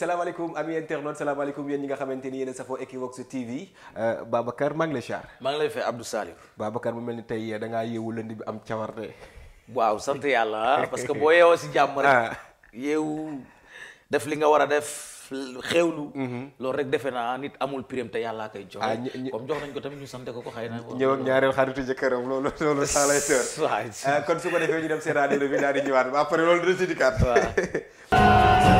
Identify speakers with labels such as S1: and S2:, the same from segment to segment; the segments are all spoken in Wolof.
S1: salaamaaleykum ami internaute salaamaaleykum yéen ñi nga xamante ni yéen a safoo Equivox TV euh, Babacar maa ngi lay char maa lay fay Abdou Salim Babacar mu mel ni tey da ngaa yeewu lënd bi am cawarte
S2: waaw sant yàlla ah, parce que boo yeewoo si jàmm rek ah. yeewu def li nga war a def xewlu mhm. loolu rek defe naa nit amul prime te yàllaa koy jox ah, comme jox ko tamit ñu sante ko ko xëy na
S1: ñëw ak ñaareel xaritu jëkkëram loolu loolu saa lay seur waaw euh, kon su
S2: ko defee ñu dem seetaani revue daal di ñëwaat ba après loolu dina si dikkaat waaw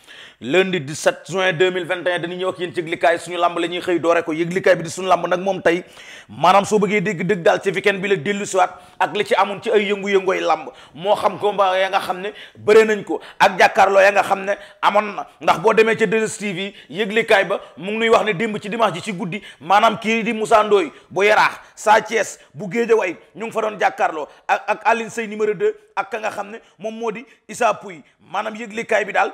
S2: lundi 17 juin 2021 dañu ñëw ak yéen ci yëglikaay suñu lamb la ñuy xëy doore ko yëglikaay bi di suñu lamb nag moom tey maanaam soo bëggee dégg dëgg daal ci weekend bi la dellu siwaat ak li ci amoon ci ay yëngu yëngooy lamb moo xam combat ya nga xam ne bëre nañ ko ak jàkkaarloo ya nga xam ne amoon na ndax boo demee ca 2STV yi yëglikaay ba mu ngi nuy wax ne démb ci dimanche ji ci guddi maanaam kii di Moussa Ndoye bu Yaraax Sa Thiès bu way ñu ngi fa doon jàkkaarloo ak ak Aline Sey numéro ak ka nga xam ne moom moo di Issa Pouye maanaam yëglikaay bi daal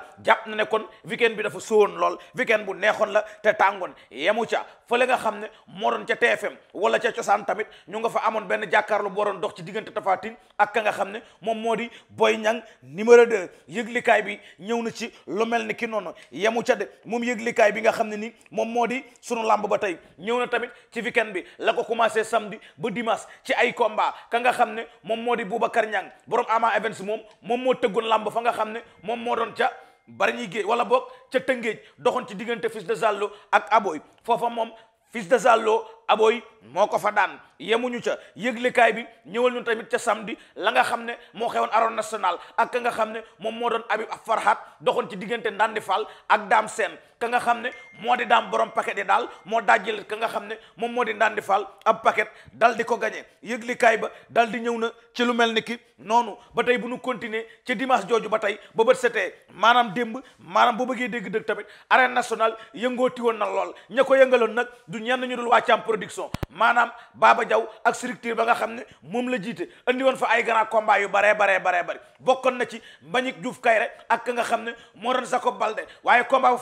S2: weekend bi dafa sówoon lool weekend bu neexoon la te tàngoon yemu ca fële nga xam ne moo doon ca TFM wala ca cosaan tamit nga fa amoon benn jàkkaarlu boo doon dox ci diggante Tapha Tine ak ka xam ne moom moo di Boy ñang numéro 2 yëglikaay bi ñëw na ci lu mel ni ki noonu yemu ca de moom yëglikaay bi nga xam ne ni moom moo di sunu làmb ba tey ñëw na tamit ci weekend bi la ko commencé samedi ba dimanche ci ay combat ka nga xam ne moom moo di Boubacar Niang borom Ama Events moom moom moo tëggoon làmb fa nga xam ne moom moo doon ca bari ñuy géej wala boog ca tëngéej doxoon ci diggante fils de Zallo ak Aboy foofa moom fils de Zallo Aboy moo ko fa daan yemuñu ca yëglekaay bi ñëwal ñu tamit ca samedi la nga xam ne moo xewoon Arène Nationale ak ka nga xam ne moom moo doon Habib Farhat doxoon ci diggante Ndandi Fall ak Dame Sène ka nga xam ne moo di daam borom paquet yi daal moo dajjil ka nga xam ne moom moo di daan Ndandi Fall ab paquet dal di ko gagné yëglikaay ba dal di ñëw na ci lu mel ni ki noonu ba tey bu nu continuer ci dimanche jooju ba tey ba bët setee maanaam démb maanaam boo bëggee dégg dëgg tamit arène national yëngooti woon na lool ña ko yëngaloon nag du ñenn ñu dul wàccaam production maanaam Baba Jaw ak structure ba nga xam ne moom la jiite andi woon fa ay grand combat yu baree baree baree bari bokkoon na ci Mbagnick Diouf Kayre ak ka nga xam ne moo doon Jacob Baldé waaye combat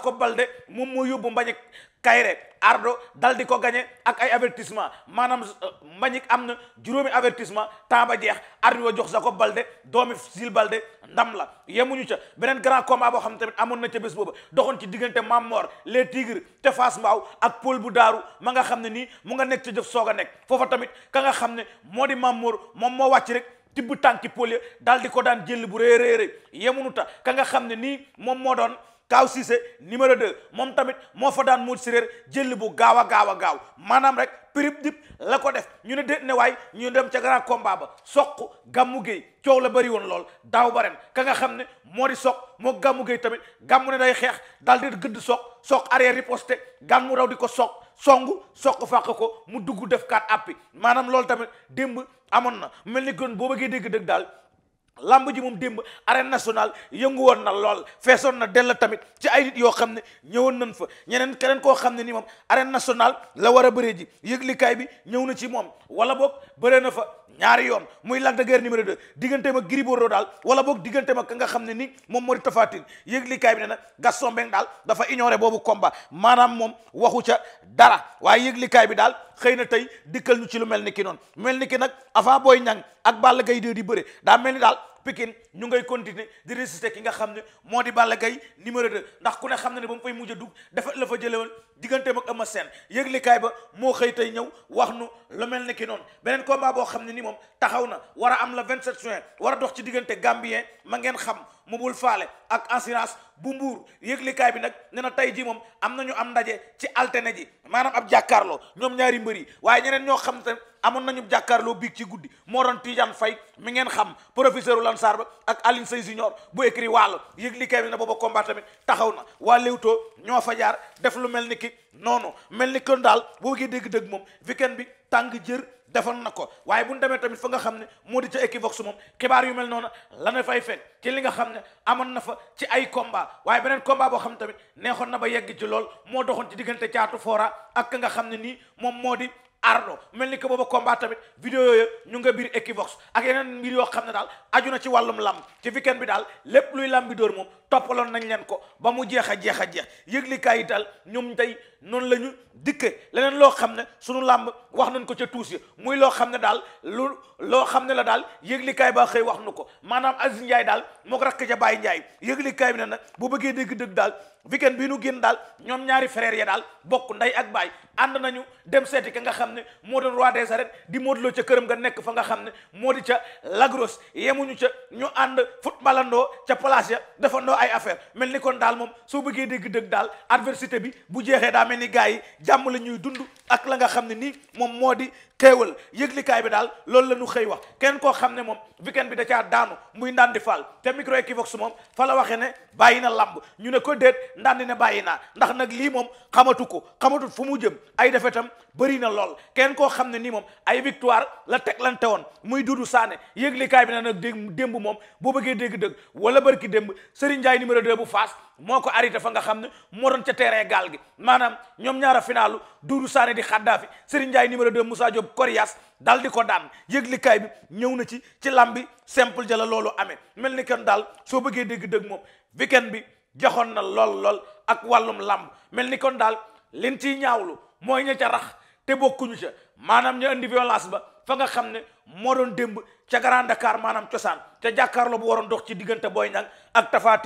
S2: Sakho Balde moom moo yóbbu Mbagnick Kaïré Ardo dal di ko gagné ak ay avertissement maanaam euh, Mbagnick am na juróomi avertissement temps ba jeex ardo wa jox Sakho Balde doomi Sil Balde ndam la yemuñu ca beneen grand combat boo xam ne tamit amoon na ca bés booba doxoon ci diggante Mamor les Tigres te Fass Mbaaw ak Paul bu daaru ma nga xam ne nii mu nga nekk ca jëf soog a nekk foofa tamit ka nga xam ne moo di Mamor moom moo wàcc rek tibb tànki pôle daal di ko daan jël bu rëy a rëy yemuñu ta ka nga xam ne nii moom moo doon Kaaw Cissé numéro de moom tamit moo fa daan Modou Séréer jël bu gaaw a gaaw a gaaw maanaam rek prib dip la ko def ñu ne déet ne waay ñu dem ca grand combat ba soq gàmmu géey coow la bëri woon lool daaw ba ren ka nga xam ne moo di soq moo gàmmu géey tamit gàmmu ne day xeex daal di gëdd soq soq arrière riposte gàmmu raw di ko soq songu soq fàq ko mu dugg def kaat appi maanaam loolu tamit démb amoon na mel ni kon boo bëggee dégg dëgg daal lamb ji moom démb arène national yëngu woon na lool feesoon na dell tamit ci ay nit yoo xam ne ñëwoon nañ fa ñeneen keneen koo xam ne ni moom arène nationale la war a bëree ji yëglikaay bi ñëw na ci moom wala boog bëree na fa ñaari yoon muy Lac de Guiers numéro 2 digganteem ak Gris daal wala boog digganteem ak ka nga xam ne ni moom moo di Tapha Tine bi ne nag Gaston Mbengue daal dafa ignoré boobu komba maanaam moom waxu ca dara waaye yëglikaay bi daal xëy na tey dikkal nu ci lu mel ni ki noonu mel ni ki nag avant Boy Niang ak Balla Gaye 2 di daa mel ni daal Pikine ñu ngay continuer di résister ki nga xam ne moo di Balla Gaye numéro de ndax ku ne xam ne ne ba mu fay mujj a dugg dafa la fa jële woon digganteem ak Eumeu Sène yëglikaay ba moo xëy tey ñëw wax nu lu mel ni ki noonu beneen combat boo xam ne ni moom taxaw na war am la 27 juin war dox ci diggante Gambien ma ngeen xam mu bul faale ak assurance bu mbuur yëglikaay bi nag ne na tey ji moom am nañu am ndaje ci altene ji maanaam ab jàkkaarloo ñoom ñaari mbër yi waaye ñeneen ñoo xam ne amoon nañu jàkkaarloo biig ci guddi moo doon Tidiane Faye mi ngeen xam professeur Lansar ba ak Aline Sey Junior bu écrit wàll yëg li kay booba combat tamit taxaw na waa Leewtoo ñoo fa jaar lu mel ni ki noonu mel ni kon daal boo gee dégg moom weekend bi tàng jër defoon na ko waaye bu demee tamit fa nga xam ne moo di ca Equivox moom xibaar yu mel noonu la na fay fekk ci li ne amoon na fa ci ay combat waaye beneen combat boo xam ne tamit neexoon na ba yegg ci lool moo doxoon ci diggante caatu foora ak nga xam ne nii moom moo di ardo mel ni que booba combat tamit vidéo yooyu ñu nga biir Equivox ak yeneen mbir yoo xam ne daal aju na ci wàllum làmb ci weekend bi daal lépp luy làmbi dóor moom toppaloon nañ leen ko ba mu jeex a jeex a jeex yëglikaay yi daal ñoom tey noonu la ñu dikkee leneen loo xam ne sunu làmb wax nañ ko ca tuus yi muy loo xam ne daal lu loo xam ne la daal yëglikaay ba xëy wax nu ko maanaam Aziz Ndiaye daal moo ko rakk ca bàyyi Ndiaye yëglikaay bi ne nag bu bëggee dégg-dëgg daal weekend bii nu génn daal ñoom ñaari frères ya daal bokk nday ak baay ànd nañu dem seeti ka nga xam ne moo doon roi des arènes di Modou ca këram nga nekk fa nga xam ne moo di ca lagros yemu ñu ca ñu ànd footballandoo ca place ya defandoo ay affaire mel ni kon daal moom soo bëggee dégg dëgg daal adversité bi bu jeexee daa mel ni gars yi jàmm la ñuy dund ak la nga xam ne nii moom moo di xéewal yëglikaay bi daal loolu la ñu xëy wax kenn koo xam ne moom weekend bi da caa daanu muy ndaan di faal te micro Equivox moom fa la waxee ne bàyyi na lamb ñu ne ko déet ndandi na bàyyi naa ndax nag lii moom xamatu ko xamatut fu mu jëm ay defetam bëri na lool kenn koo xam ne nii moom ay victoire la teglante woon muy dudu saane yëglikaay bi na nag démb moom boo bëggee dégg-dëgg wala barki démb Serigne Ndiaye numéro 2 bu Faas moo ko arrêté fa nga xam ne moo doon ca terrain gaal gi maanaam ñoom ñaara finalu dudu saane di xaddaafi Serigne Ndiaye numéro 2 Moussa Diop Korias dal di ko daan yëglikaay bi ñëw na ci ci lam bi simple jala loolu amee mel ni kenn daal soo bëggee dégg moom weekend bi joxoon na lool lool ak wàllum làmb mel ni kon daal leen ciy ñaawlu mooy ña ca rax te bokkuñu ca maanaam ñu indi violence ba fa nga xam ne moo doon démb ca Grand Dakar maanaam cosaan ca jàkkaarloo bu waroon dox ci diggante booy Niang ak Tapha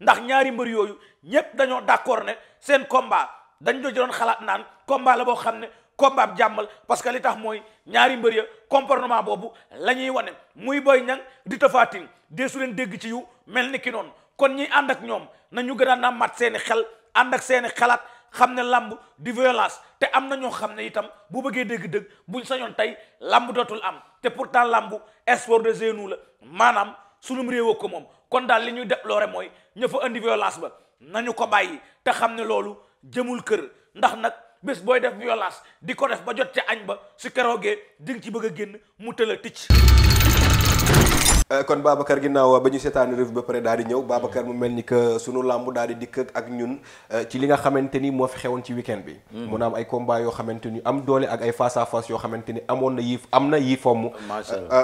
S2: ndax ñaari mbër yooyu ñépp dañoo d'accord ne seen combat dañ do doon xalaat naan combat la boo xam ne combat bi jàmmal parce que li tax mooy ñaari mbër ya comportement boobu la ñuy wane muy Boy ñan di Tapha Tine dégg ci yu mel ni ki noonu kon ñi ànd ak ñoom na ñu gën a nàmmaat seeni xel ànd ak seeni xalaat xam ne làmb di violence te am na ñoo xam ne itam bu bëggee dëgg-dëgg buñ sañoon tey làmb dootul am te pourtant làmb sport de genou la maanaam sunum réew ko moom kon daal li ñuy déplorer mooy ña fa indi violence ba nañu ko bàyyi te xam ne loolu jëmul kër ndax nag bés booy def violence di ko def ba jot ca añ ba su keroogee di nga ci bëgg a génn mu tëla ticc
S1: Euh, kon Babacar ginnaaw euh, ba ñu seetaani revue ba pare daal di ñëw Babacar mu mel ni que sunu làmb daal di dikk ak ñun euh, ci li nga xamante ni moo fi xewoon ci weekend bi. Mm-hmm. mun am ay combat yoo xamante ni am doole ak ay face à yoo xamante ni amoon na yii am na yii fomm.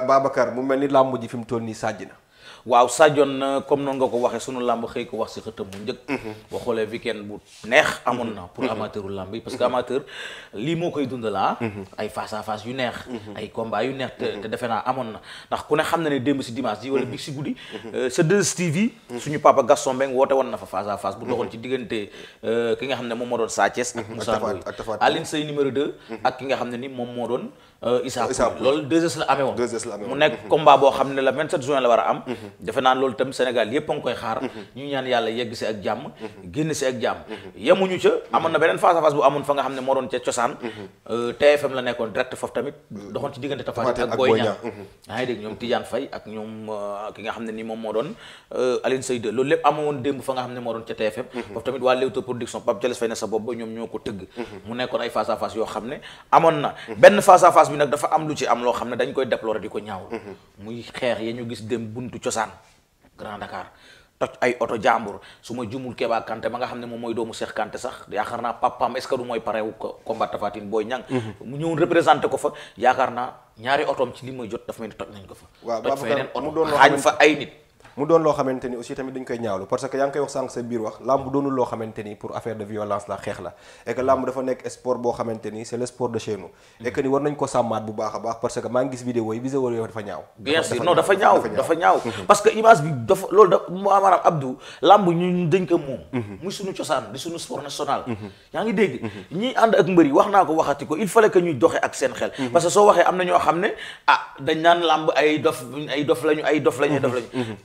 S1: Babacar mu mel ni làmb ji fi mu toll nii sàjj na. waaw sajoon
S2: na comme noonu nga ko waxee sunu làmb xëy ko wax si xëtam bu njëkk mhm. boo xoolee weekend bu neex amoon na pour mhm. amateur u làmb yi parce que amateur lii moo koy dundalaa ah. mhm. ay face yu neex ay combat yu neex te defe naa amoon na ndax ku ne xam na ne démb si dimanche ji wala bi si guddi euh, sa 2STV suñu papa Gaston Mbengue woote woon na fa face à face bu doxoon ci diggante euh, ki nga xam ne moom moo doon Sa ak Moussa Ndoye Aline Seye numéro 2 ak ki nga xam ne ni moom moo doon euh, Issa Pouye loolu boo defe naa loolu itam Sénégal yépp a koy xaar ñu ñaan yàlla yegg si ak jàmm génn si ak jàmm yemuñu ca amoon na benn face à face bi nag dafa am lu ci am loo xam ne dañ koy déplorer ko ñaaw muy xeex ya gis dem buntu cosaan Assane Grand Dakar toj ay oto jàmbur su ma jumul Keba Kanté ma nga xam ne moom mooy doomu Cheikh Kanté sax yaakaar naa papam est-ce que du mooy parewu ko combat ñang mhm. mu ñëw représenté ko fa yaakaar ñaari otoom ci li ma jot dafa mel toj nañ ko fa toj feneen oto xaañ fa ay nit
S1: mu doon loo xamante ni aussi tamit dañ koy ñaawlu parce que yaa ngi koy wax sànq sa biir wax lamb doonul xamante ni pour affaire de violence la xeex la et que dafa nekk sport boo xamante ni c'est le sport de chez nous et war nañ ko sàmmaat bu baax a baax parce que maa ngi gis vidéo yi vidéo yooyu dafa ñaaw bien sûr non dafa ñaaw parce que image bi dafa
S2: loolu da maanaam Abdou lamb ñu dañ ko moom mhm. muy suñu cosaan di suñu sport national mhm. ngi dégg mhm. ñi ànd ak mbër yi wax naa ko waxati ko il fallait que ñuy doxe ak seen xel am na ñoo xam ne ah dañ naan lamb ay dof ay dof lañu ay dof lañu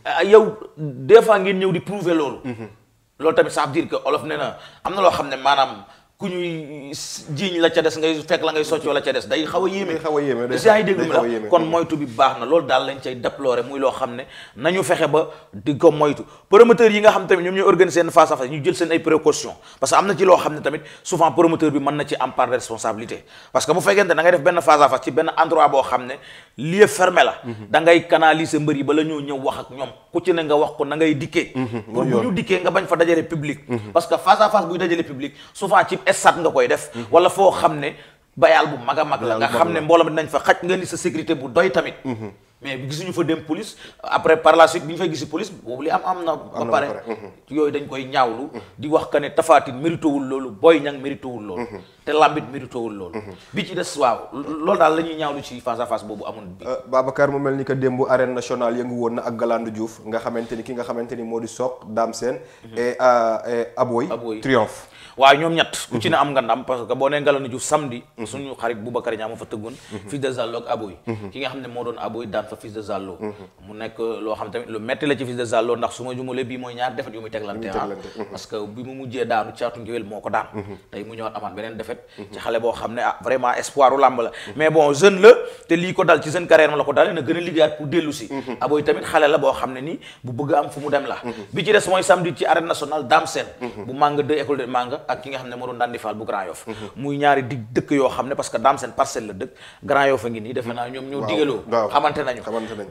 S2: ay ah, yow des fois ngeen ñëw di prouver loolu. Mhm. loolu tamit ça veut dire que olof nee na am na loo xam ne maanaam ku ñuy jiiñ la ca des ngay fekk la ngay soccoo la ca des day xaw a yéeme xaw a yéeme si ay dégg la kon moytu bi baax na loolu daal lañ cay déplorer muy loo xam ne nañu fexe ba di ko moytu promoteur yi nga xam tamit ñoom ñooy organiser seen face à face ñu jël seen ay précaution parce que am na ci loo xam ne tamit souvent promoteur bi mën na ci am part de responsabilité parce que bu fekkente da ngay def benn face à face ci benn endroit boo xam ne lieu fermé la mhm. da ngay canaliser mbër yi ba la ñoo ñëw wax ak ñoom ku ci ne nga wax ko na ngay dikkee mhm. pour bu ñu dikkee nga bañ fa dajale public mhm. parce que face à face buy dajale public souvent ci stade nga koy def mhm. wala foo xam ne bayaal bu mag a mag la nga xam ne mbooloo mi dinañ fa xaj nga ni sa sécurité bu doy tamit mhm. mais gisuñu fa dem police après par la suite bi ñu fay gisi police boobu li am am na ba pare mhm. yooyu dañ koy ñaawlu di wax que ne tafaatin méritowul loolu booy Niang méritowul loolu te lambit méritowul loolu bi ci des waaw loolu daal lañuy ñuy ñaawlu ci face à face boobu amoon
S1: bi euh, Babacar mu mel ni que démb arène nationale yëngu woon na ak Galandou Diouf nga xamante ni ki nga xamante ni moo di Sokh Dame Sène euh, et Aboy Triomphe waaw ñoom ñett ku ci ne mhm. am
S2: nga parce que boo nee Ngalandou Diouf samedi suñu xarit Boubacar Niang ma fa tëggoon mhm. fils de Zallo Aboy mhm. ki nga xam ne moo doon Aboy daan fa fils de Zallo mu nekk loo xam tamit lu metti la ci fils de Zallo ndax su ma jumale bii mooy ñaar defet yu muy teglante ah. parce que bi mu mujjee daanu caatu ngéwél moo ko daan tey mu ñëwaat amaat beneen defet ci xale boo xam ne ah vraiment espoir u làmb la mais bon jeune la te ak ki nga xam ne moo doon daan di faal bu Grand Yoff muy ñaari dig dëkk yoo xam ne parce que daam seen parcelle la dëkk Grand Yoff a ngi nii defe naa ñoom ñoo digaloo xamante nañu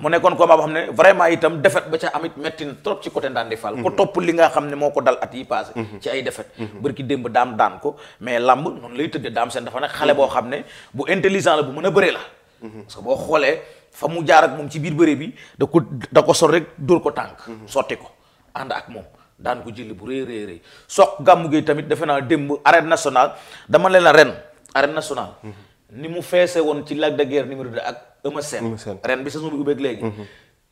S2: mu nekkoon combat boo xam ne vraiment itam defet ba ca amit metti na trop ci côté daan faal ko mhm. topp li nga xam ne moo ko dal at yi passé mhm. ci ay defet mhm. bërki démb daam daan ko mais lamb noonu lay tëddee daam seen dafa nekk xale boo xam ne bu intelligent la bu mën a bëre la parce xoolee fa mu jaar ak moom ci biir bëre bi da ko ko sor rek ko tànk sotti ko ànd ak moom daan ko jëli bu rëy rëy rëy soq gàmmu gi tamit defe naa démb arène nationale dama leen la ren arène nationale mhm. ni mu feese woon ci Lac de Guiers numéro 2 ak Eumeu Sène ren bi saison bi ubbeeg léegi mhm.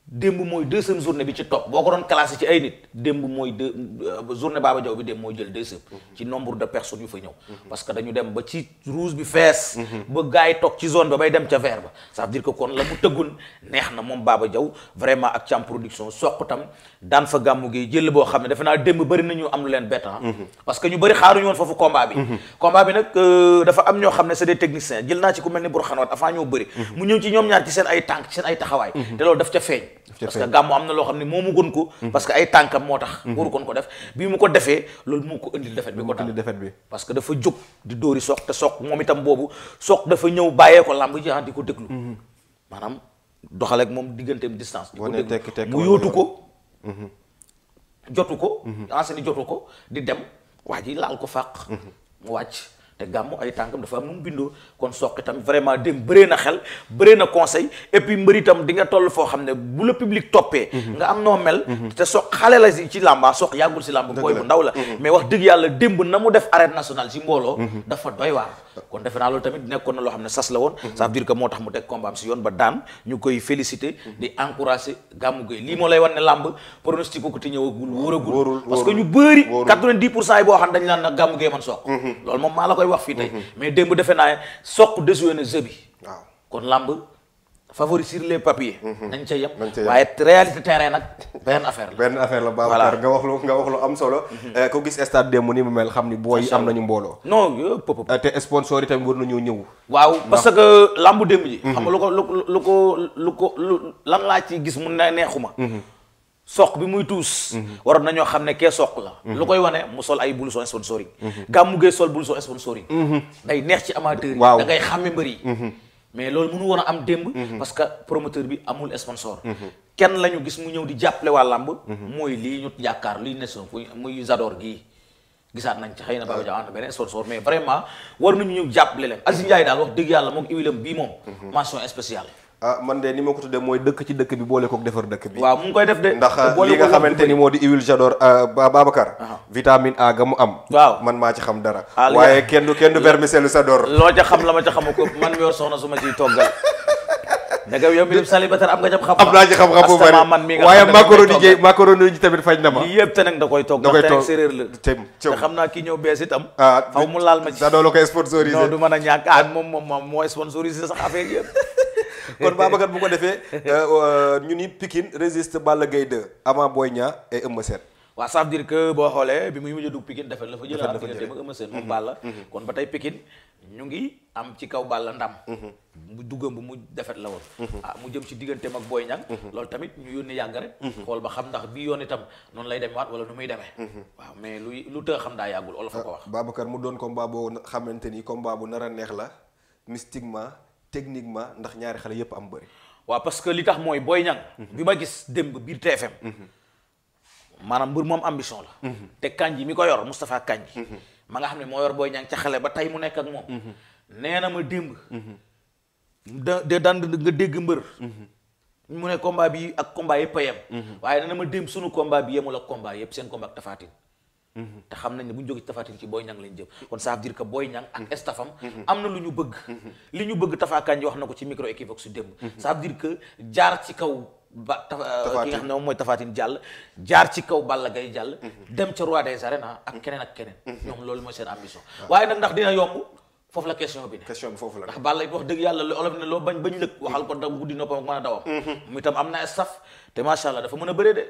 S2: démb mooy deuxième journée bi ci topp boo ko doon classé ci ay nit démb mooy deux euh, journée Baba Diaw bi dem mooy jël deuxième mhm. ci nombre de person yu fa ñëw mhm. parce que dañu dem ba ci rouge bi fees mhm. ba gars yi toog ci zone ba bay dem ca vert ba ça veut dire que kon la mu tëggun neex na moom baaba Diaw vraiment ak cam production soq tam daan fa gàmmu gi jël boo xam ne defe naa démb bëri nañu am lu leen bett ah. parce que ñu bëri xaaruñu woon foofu combat bi combat bi nag euh, dafa am ñoo xam ne c'est des techniciens jël naa ci ñoo bëri mu ñëw ci ñoom ay taxawaay te loolu daf ca parce que gàmmu am na loo xam ne moomu gën ko mhm. parce que ay tànkam moo tax mhm. waru kon ko def bi mu ko defee loolu moo ko indi defet bi ko tax defet bi parce que dafa jóg di dóori soq te soq moom itam boobu soq dafa ñëw bàyyee ko làmb ji ah di ko déglu mhm. maanaam doxale ak moom digganteem distance di ko déglu mu yóotu ko jotu ko enseigne jotu ko di dem waa ji laal ko fàq mu wàcc te gàmmu ay tànkam dafa am nu mu bindoo kon soq itam vraiment dem bëree na xel bëree na conseil et puis mbër itam di nga toll foo xam ne bu la public toppee mhm. nga am noo mel mhm. te soq xale la ci làmba soq yàggul si làmb booy bu ndaw la mhm. mais wax dëgg yàlla démb na mu def arène nationale si mbooloo dafa doy waa kon defe naa loolu tamit nekkoon na loo xam ne sas la woon mhm. ça veut dire que moo tax mu teg combat am si yoon ba daan ñu koy féliciter mhm. di encourager Gamou lii moo lay wan ne làmb pronostic ko ti ñëwagul wóoragul parce que ñu bëri 90 pour cent yi boo xam dañ naan nag Gamou man soq mhm. loolu moom maa la koy wax fii tey mais démb defe naa soq déjoué na jeu waaw
S1: favoriser les papiers. Mhm. nañ ca yem nañ ca yem waaye réalité terrain nag benn affaire la. benn affaire la Babacar nga wax lu nga wax lu am solo. Mhm. Euh, ku gis stade démb ni mu mel xam ni booy am nañu mbooloo. non yëpp euh, te sponsor yi tamit war nañoo ñëw. waaw parce que lambu démb ji. Mhm. xam nga lu
S2: ko lu ko lu ko lu lan laa ci gis mu ne neexuma. soq bi muy tuus. waroon nañoo xam ne kee soq la. lu koy wane mu sol ay blouson sponsoring. gàmmu gee sol blouson sponsoring. day neex ci amateur yi. waaw da ngay xàmme mbër yi. mais loolu mënu war a am démb. Mhm. parce que promoteur bi amul sponsor. Mhm. kenn la ñu gis mu ñëw di jàppale waa làmb mhm. mooy lii ñu yaakaar luy ne son muy Zador gii. gisaat nañ ci xëy na Baba Diaw am na beneen sponsor mais vraiment war nañu ñëw jàppale leen Aziz Ndiaye daal wax dëgg yàlla moo iwilam bii moom. mention
S1: spéciale. ah man de ni ma ko tuddee mooy dëkk ci dëkk bi boole kook defar dëkk bi. waaw mu koy def de ndax li nga xamante ni moo di huile j'adore euh, Babacar. vitamine A ga mu am. waaw man maa ci xam dara. Ah, waaye kenn du kenn du
S2: vermicelle j'adore. loo ca xam la ma ca xamu ko man mi soxna su ma ciy toggal. danga yow am nga jam xam naa man mi waaye macaroni ji tamit faj na ma lii te nag da koy toog da koy toog xam naa kii ñëw bees itam ah faw mu laal ma ci da doo la koy sponsorisé du mën a ñàkk ah moom moom moom moo sponsorisé sax affaire yëpp
S1: kon Babacar bu ko defee euh, ñu ni Pikine résiste Balla Gaye 2 avant booy Niang et Eumeu Sène
S2: waaw ça veut dire que boo xoolee bi muy mujj a dugg Pikine defet la fa jël am mhm. diggante mhm. ñu ngi am ci kaw Balla ndam mhm. mu duggam bu mu defet la woon ah mu jëm ci digganteem ak Boy Niang loolu tamit ñu yónni yàgg rek xool ba xam ndax bii yoon itam noonu lay demee waat wala nu muy demee waaw mais luy lu tëx xam daa yàggul olof a ko ah, wax
S1: Babacar mu doon combat boo xamante ni combat bu nar a neex la mystiquement techniquement ndax ñaari xale yëpp am bëri. waa parce que li tax mooy Boy Niang. bi ma gis démb biir TFM.
S2: maanaam mbir moom ambition la. te Kandji mi ko yor Moustapha Kandji. ma nga xam ne moo yor booy Niang ca xale ba tey mu nekk ak moom. nee na ma démb. da da daan nga dégg mbër. mu ne combat bi ak combat yëpp a yem. waaye nee na ma démb sunu combat bi yemul ak combat yëpp seen combat ak Tapha te xam nañ ne bu ñu jógee ci ci booy Niang lañ jëm kon ça veut dire que Boy Niang ak mm-hmm. stafam mm-hmm. am na lu ñu bëgg mm-hmm. li ñu bëgg Tapha Kandji wax na ko ci micro Equivox su démb ça veut dire que jaar ci kaw ba euh, ki nga xam ne moom jàll jaar ci kaw Balla Gaye jàll dem ca roi des arènes ah, ak keneen ak keneen ñoom loolu mooy seen ambition ah. waaye nag ndax dina yomb foofu la question bi ne question bi foofu la ndax Balla wax dëgg yàlla lu olof ne loo bañ bañ lëkk waxal ko da guddi noppam ak mën a dawam a bëree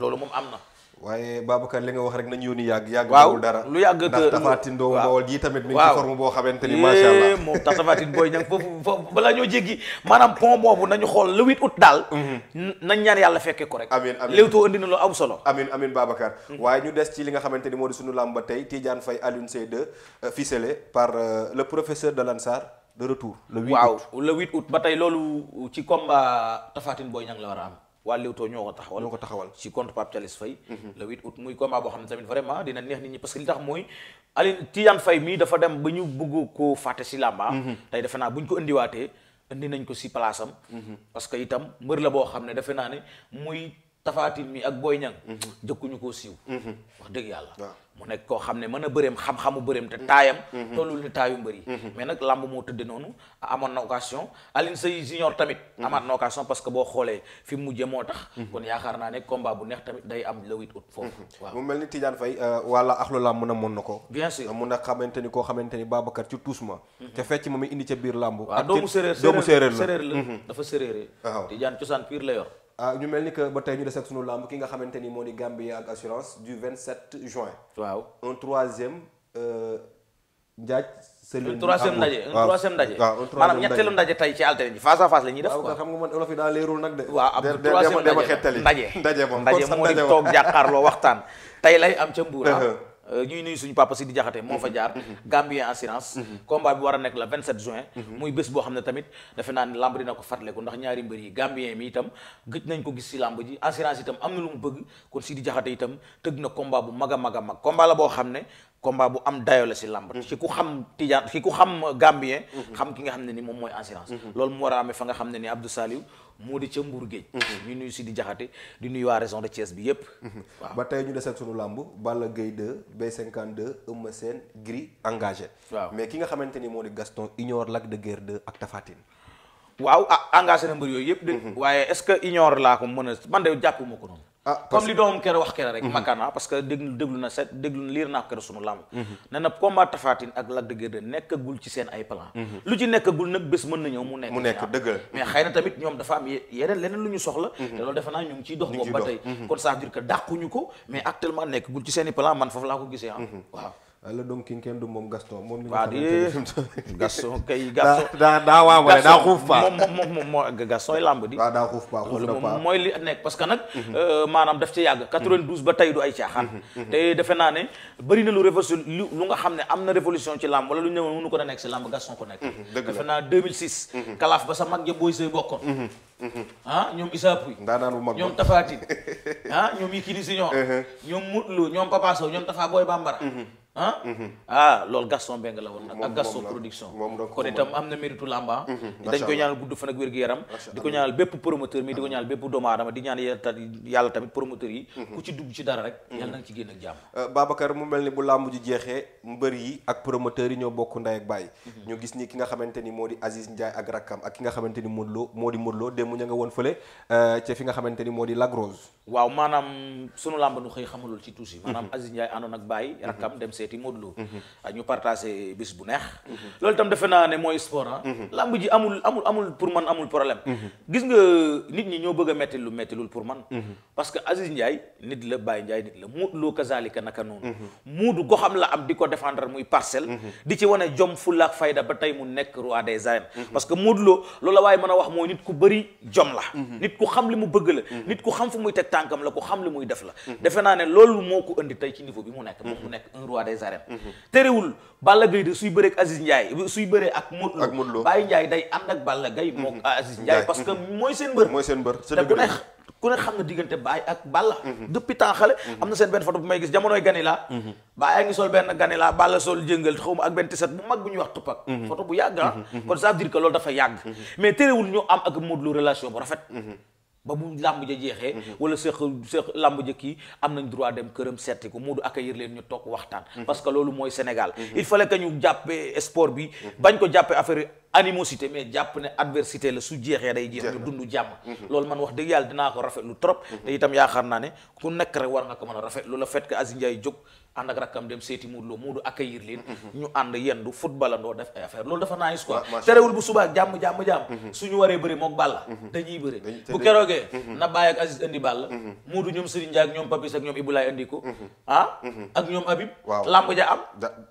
S1: loolu moom am na waaye Babacar li nga wax rek nañu yónni yàgg yàgg bawul dara lu yàgg ndax tafaatin doomu bawol ji tamit mi ngi ci boo xamante ni macha eh, moom tax tafaatin booy ñang foofu foofu balaa ñoo jéggi maanaam pont boobu nañu xool le huit août daal mhm.
S2: nañ ñaan yàlla fekkee ko rek amiin amiin léewtoo
S1: andi na am solo amiin amiin Babacar mhm. waaye ñu des ci li nga xamante ni moo di suñu làmb tey Tidiane Faye Alioune Seye 2 euh, ficelé par euh, le professeur de l'Ansar de retour la huit août waaw le huit
S2: ba tey loolu ci combat tafaatin booy ñang la war a am waa Leewtoo ñoo ko taxawal ñoo ko taxawal ci contre Pape Thialis Faye mhm. le 8 muy combat boo xam ne tamit vraiment dina neex nit ñi parce que tax mooy Alioune Tidiane Faye mii dafa dem ba ñu bëgg koo fàtte ci làmba mhm. tey defe naa bu ñu ko indiwaatee indi nañ ko ci place am itam mbër la boo xam ne defe naa ne muy tafaatin mi ak Boy Niang jëkkuñu koo siiw wax dëgg yàlla mu nekk koo xam ne mën a bëreem xam-xamu bëreem te taayam tollul ni taayu mbëri mhm. mhm. mais nag lamb moo tëdde noonu amoon na occasion Alioune Seye junior tamit mhm. amaat na occasion parce que boo xoolee fi mujje moo tax kon yaakaar naa ne combat bu neex tamit day am le huit foofu mu
S1: mel ni Tidiane Faye euh, wala axlu lamb mën a mën na ko bien sûr euh, mun a xamante ni koo xamante ni Babacar ci tuus ma indi ca biir lamb waaw la séréer ah ñu mel ni que ba tey ñu des ak sunu làmb ki nga xamante ni moo di Gambia ak assurance du 27 juin. waaw un troisième njaaj. sëriñ un troisième ndaje un troisième ndaje. waaw un ñetteelu ndaje tey ci altine face
S2: à face la ñuy def. quoi xam nga man olof yi daa leerul nag de. waaw ab troisième ndaje ndaje ndaje moom. moo di toog jàkkaarloo waxtaan tey lay am ca Mbuur Euh, ñuy nuyu suñu papa Sidi Diakhaté moo fa jaar Gambien assurance combat bi war a nekk la 27 juin muy bés boo xam ne tamit defe naa ni lamb dina ko fàttaliku ndax ñaari mbër yi Gambien mi itam gëj nañ ko gis si lamb ji assurance itam am na lu mu bëgg kon Sidi Diakhaté itam tëgg na combat bu mag a mag a mag combat la boo xam ne combat bu am dayo la si lamb mhm. ci ku xam Tidiane ki ku xam Gambien mhm. xam ki nga xam ne ni moom mooy assurance mhm. loolu mu war a amee fa nga xam ne ni Abdou Saliou moo di ca Mbour géej mhm. ñu nuyu si di jaxate di nuyu waa région de Thiès bi yépp
S1: mhm. waaw ba tey ñu des ak sunu làmb Balla Gaye 2 B52 Eumeu seen Gris engagé waaw mais ki nga xamante ni moo di Gaston ignore Lac de Guiers 2 ak Tapha waaw
S2: a ah, engagé na mbër yooyu yëpp de mhm. waaye est-ce que ignore laa ko mën a man de jàppuma ko noonu ah comme li doomam a wax kere rek. Mhm. makana ah, parce que déglu déglu na set déglu na liir naa ko kere sunu làmb. Mhm. nee na combat Tafatine ak Lac de Guiers nekkagul ci seen ay plan. Mhm. lu ci nekkagul nag bés mën na ñëw mu nekk. mu dëgg mais xëy na tamit ñoom dafa am yeneen leneen lu ñu soxla. te loolu defe naa ñu ngi dox. ñu ba tey kon ça veut dire que dàquñu ko mais actuellement nekkagul ci seen i plan man foofu laa ko gisee ah. waaw.
S1: la doom ki kenn du moom Gaston moom. li nga Gaston kay. Gaston daa daa waa mooy daa xuuf moom moom moom Gaston lamb di. waaw daa xuuf
S2: que nag. Mhm. Euh, maanaam daf ci yàgg. 92 mhm. ba tey mhm, na lu révolution lu nga am na révolution ci lamb wala lu ñu ne mënu ko da nekk si lamb
S1: ah, ñoom ñoom Tapha
S2: Tine ah, ñoom Yékini Senior. Uh-huh. ñoom Modou Lo ñoom ah. ah loolu Gaston Mbengue la woon. ak Gaston production. kon itam am na méritu làmba. Mhm. dañ koy ñaanal gudd fan ak wér gu yaram. di ko ñaanal bépp promoteur mi di ko ñaanal bépp doomu di ñaan yàlla tamit promoteur yi. Mhm. ku ci dugg ci dara rek. yàlla nga ci génn
S1: euh, mu mel ni bu làmb ji jeexee mbër yi ak promoteur yi ñoo bokk ndey ak baay. ñu gis ni ki nga xamante moo di Aziz Ndiaye ak rakkam ak ki nga xamante ni Modou Lo moo di Modou Lo démb ña nga woon fële euh, ca fi nga xamante moo di Lagrose.
S2: waaw maanaam sunu maanaam Aziz Ndiaye àndoon ak seeti Modou Lo mhm. ah, ñu partagé bis bu neex mhm. loolu itam defe naa ne mooy sport ah mhm. lamb ji amul amul amul pour man amul problème gis nga nit ñi ñoo bëgg a metti lu metti lul pour man parce que Aziz Ndiaye nit la Baye Ndiaye nit la Modou Lo kazalika naka noonu Modou goxam la am di ko défendre muy parcelle di ci wane jom fulla ak fayda ba tey mu nekk roi des arènes parce que Modou Lo loola waaye mën a wax mooy nit ku bëri jom la nit ku xam li mu bëgg la nit ku xam fu muy teg des arènes mhm. terewul Balla Gaye de suy bëree ak Aziz Ndiaye suy bëree ak Modou Lo ak Modou Lo Baye Ndiaye day ànd ak Balla Gaye mhm. mook Aziz Ndiaye parce que mhm. mooy seen mbër mooy ku ne xam na diggante Baye ak Balla depuis temps am na seen benn photo bu may gis jamonoy Ganila Baye a ngi sol benn Ganila Balla sol jëngal xaw ma ak benn tiset bu mag bu ñuy wax tuppak photo bu yàgg ah. kon ça veut dire que dafa yàgg mais terewul ñoo am ak Modou relation bu rafet ba bu làmb ja jeexee mhm. wala seex seex làmb ja kii am nañ droit dem këram seeti ko Modou accueillir leen ñu toog waxtaan mhm. parce que loolu mooy Sénégal mhm. il fallait que ñu jàppe sport bi bañ ko jàppe affaire animosité mais jàpp ne adversité la su jeexee day jeex ñu dund jàmm mhm. loolu man wax dëgg yàlla dinaa ko rafetlu trop mhm. te itam yaakaar naa ne ku nekk rek war nga ko mën a rafetlu la fait que Aziz Ndiaye jóg ànd ak rakkam dem seeti Modou Lo Modou accueillir leen mhm. loolu dafa nice quoi terewul bu subaa jàmm jàmm jàmm suñu waree bëri
S1: mook Balla dañuy bëri bu keroogee
S2: na Baye ak Aziz indi Balla Modou ñoom Serigne Ndiaye ak ñoom Papis ak ñoom Ibulaay indi ko ah ak
S1: ñoom Habib lamb ja am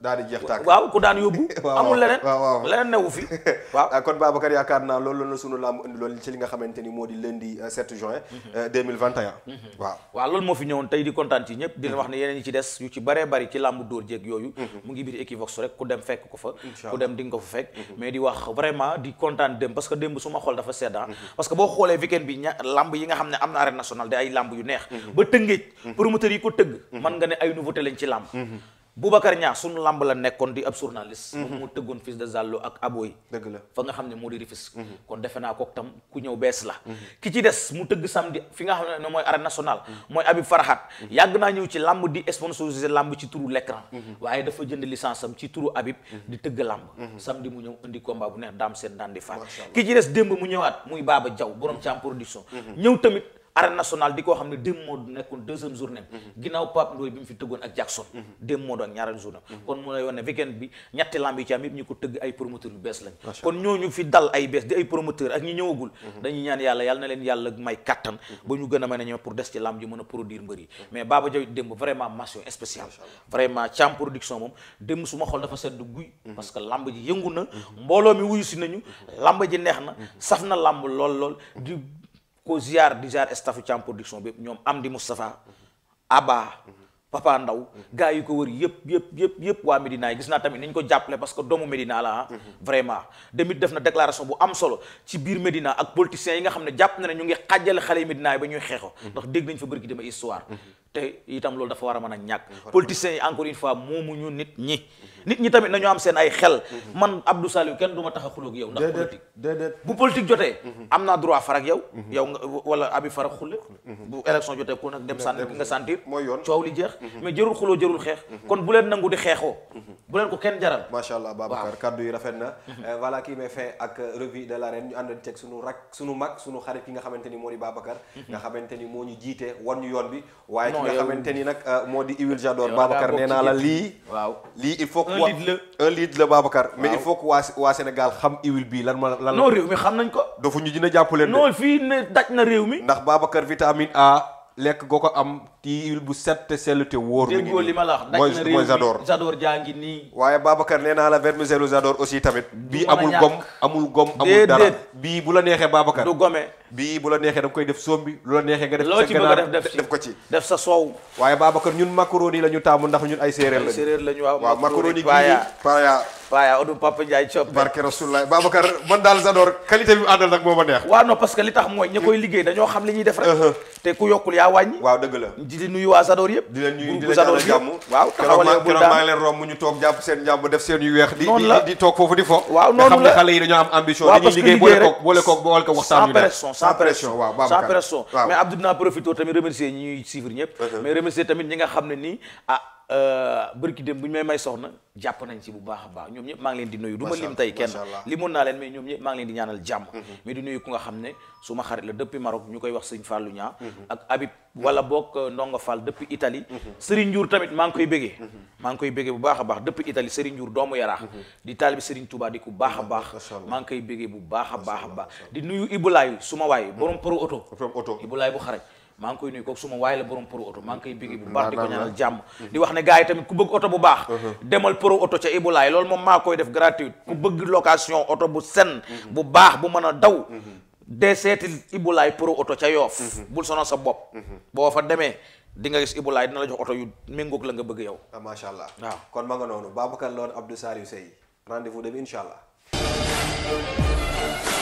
S1: daal di jeex tàkk waaw ku daan yóbbu waaw euh, kon Babacar yaakaar naa loolu la sunu làmb indi loolu ci li nga xamante ni moo di lundi 7 euh, juin 2021 mhm. euh, mhm. waaw
S2: waaw loolu moo fi ñëwoon tey di kontaan ci ñëpp di mhm. wax ne yeneen ñi ci des yu ci baree bari ci làmb dóor jéeg yooyu mu ngi biir Equivox rek ku dem fekk ko fa ku dem di ko fa fekk mais di wax vraiment di kontaan dem parce que démb su ma dafa sedda ah. parce que boo xoolee weekend bi ña làmb yi nga xam ne am na arène nationale day ay làmb yu neex Boubacar Niang sunu lamb la nekkoon di ab journaliste. Mhm. moom moo tëggoon fils de Zallo ak Aboy. la fa nga xam ne moo di Rufisque. Mhm. kon defe naa kook tam ku ñëw bees la. Mhm. ki ci des mu tëgg samedi fi nga xam ne mooy arène nationale. mooy Habib Farhat. yàgg naa ñëw ci lamb di sponsoriser lamb ci turu l'écran waaye dafa jënd licence ci turu Habib. di tëgg lamb. samedi mu ñëw indi combat bu neex daam seen daan di faat. ki ci des démb mu ñëwaat muy Baba Diaw borom Thiam production. ñëw arène nationale di koo xam ne démb moo nekkoon deuxième journée mhm. ginnaaw Pape Ndoye bi mu fi tëggoon ak Jackson mhm. démb moo doon ñaareel journée mhm. kon mu wax ne weekend bi ñetti lamb yi ci na leen yàlla may kattan ba ñu gën a mën a a produire mbër mais Baba Diaw démb vraiment mention spéciale vraiment Thiam production moom démb su ma xool dafa sedd guy parce que lamb ji yëngu na mbooloo mi wuyu si nañu lamb ji neex na saf na lamb lool lool ko ziar di ziar staffu Thiam production bi ñoom Amdi Moustapha Abba Papa Ndaw gars yi ko wër yëpp yëpp yëpp yëpp waa Medina yi gis naa tamit nañ ko jàppale parce que doomu Medina la ah vraiment demit def na déclaration bu am solo ci biir Medina ak politiciens yi nga xam ne jàpp na ne ñu ngi xàjjale xale yi Medina yi ba ñuy xeexo ndax dégg nañ fa bërki dama histoire te itam loolu dafa war a mën a ñàkk politiciens yi encore une fois moomu ñu nit ñi nit ñi tamit nañu am seen ay xel man Abdou Saliou kenn du ma tax a xulóog yow ndax politique déedéet bu politique jotee mhm. am naa droit farak yow mhm. yow nga abi farak xulle mhm. bu élection jotee ku nag dem
S1: sànni coow li mais jërul xuloo jërul xeex kon bu nangu di xeexoo bu ko kenn jaral kaddu yi rafet na euh, voilà qui met fin ak revue de l'arène ñu àndoon ceeg suñu rak suñu mag suñu xarit ni moo di Babacar nga xamante moo ñu jiite wan nga xamante ni nag euh, moo di huile j'adore Babacar nee naa la lii waaw lii il faut que un litre la un litre la Babacar waa waa Sénégal xam huile bii lan ma lan la non réew mi xam nañ ko dafa ñu dina jàppaleen non fii ne daj na réew mi ndax Babacar vitamine A lekk goo ko am tiil bu set te sell te wóor. mi ngi déggoo li ma la wax daj na mooy Zador Zador jaa ngi nii. waaye Babacar nee naa la vermicelle Zador aussi tamit. bii amul gom amul gom amul dara bii bu la neexee Babacar. du gome bii bu la neexee da nga koy def soom bi lu la neexee nga def. loo ci bëgg
S2: def ko ci. def sa soow.
S1: waaye Babacar ñun macaroni la ñu taamu ndax ñun ay séeréer lañu. ay séeréer lañu waaw macaroni paya paya
S2: paya odu Papa Ndiaye Thiop. daal Zador qualité bi mu àndal nag neex. waaw non parce que li tax mooy koy liggéey dañoo xam li ñuy def rek. Uh-huh. te ku yokkul yaa la di
S1: nuyu waa Sador yëpp. di leen waaw taxawalee bu daan keroog ñu toog jàpp seen njàmb def seen yu weex. di di toog foofu di fo. waaw noonu la xale yi dañoo am ambition. dañuy liggéey boole koog boole koog boole ko waxtaan. ñu def sans pression waaw pression
S2: mais Abdou dinaa profité tamit remercier ñuy suivre ñëpp uh-huh. mais remercier tamit ñi nga xam ne nii ah Euh, bërki dem bu ñu may may soxna jàpp nañ ci bu baax a baax ñoom ñëpp maa ngi leen di nuyu du ma lim tey kenn limoon naa leen mais ñoom ñëpp maa ngi leen di ñaanal jàmm mm-hmm. mais di nuyu ku nga xam ne suma ma xarit la depuis Maroc ñu koy wax sëñ Fallou Niang mm-hmm. ak Habib wala boog euh, Ndongo Fall depuis Italie mm-hmm. Serigne juur tamit maa ngi koy bégee maa ngi koy bégee bu baax a baax dëpp Italie Serigne Ndiour doomu yaraax di taalibi Serigne Touba di ku baax a baax maa ngi koy bégee bu baax a baax a baax nuyu Ibou Laye su ma waay borom pro oto oto Ibou Laye bu xaraj maa ngi koy nuyu kooku suma waaye la borom pro oto maa ngi koy bigi bu baax di ko ñaanal jàmm mhm. di wax ne gars yi tamit ku bëgg oto bu baax mhm. demal pro oto ca ibulaay loolu moom maa koy def gratuite ku bëgg location oto bu sen mhm. bu baax bu mën a daw de seetil ibulaay pour oto ca yoof bul sono sa bopp boo fa demee dinga nga gis ibulaay
S1: dina la jox oto yu méngoog la nga bëgg yow ah, macha allah waaw kon ma nga noonu Babacar Lone Abdou Saliou Seye rendez-vous allah